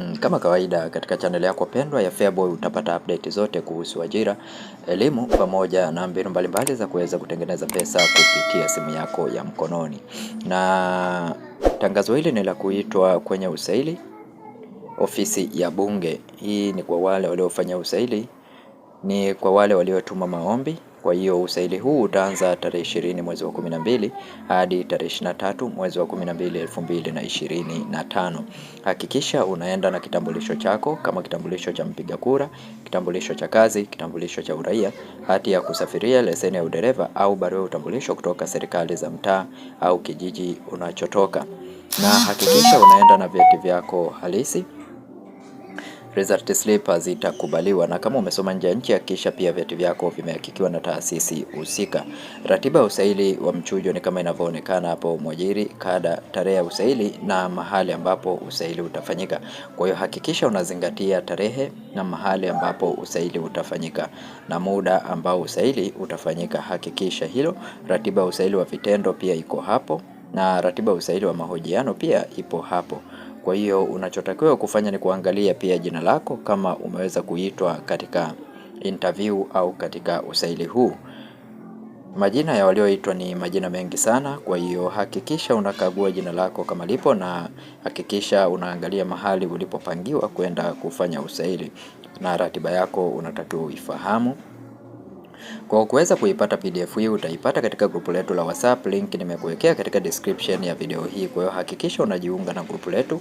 Mm, kama kawaida katika chaneli yako pendwa ya Feaboy utapata update zote kuhusu ajira, elimu pamoja na mbinu mbalimbali za kuweza kutengeneza pesa kupitia simu yako ya mkononi. Na tangazo hili ni la kuitwa kwenye usaili ofisi ya Bunge. Hii ni kwa wale waliofanya usaili, ni kwa wale waliotuma maombi kwa hiyo usaili huu utaanza tarehe ishirini mwezi wa kumi na mbili hadi tarehe ishirini na tatu mwezi wa kumi na mbili elfu mbili na ishirini na tano. Hakikisha unaenda na kitambulisho chako kama kitambulisho cha mpiga kura, kitambulisho cha kazi, kitambulisho cha uraia, hati ya kusafiria, leseni ya udereva au barua ya utambulisho kutoka serikali za mtaa au kijiji unachotoka, na hakikisha unaenda na vyeti vyako halisi result slip zitakubaliwa, na kama umesoma nje ya nchi hakikisha pia vyeti vyako vimehakikiwa na taasisi husika. Ratiba ya usaili wa mchujo ni kama inavyoonekana hapo: mwajiri, kada, tarehe ya usaili na mahali ambapo usaili utafanyika. Kwa hiyo hakikisha unazingatia tarehe na mahali ambapo usaili utafanyika na muda ambao usaili utafanyika, hakikisha hilo. Ratiba ya usaili wa vitendo pia iko hapo na ratiba ya usaili wa mahojiano pia ipo hapo. Kwa hiyo unachotakiwa kufanya ni kuangalia pia jina lako kama umeweza kuitwa katika interview au katika usaili huu. Majina ya walioitwa ni majina mengi sana, kwa hiyo hakikisha unakagua jina lako kama lipo, na hakikisha unaangalia mahali ulipopangiwa kwenda kufanya usaili, na ratiba yako unatakiwa uifahamu. Kwa kuweza kuipata PDF hii utaipata katika grupu letu la WhatsApp, link nimekuwekea katika description ya video hii. Kwa hiyo hakikisha unajiunga na grupu letu.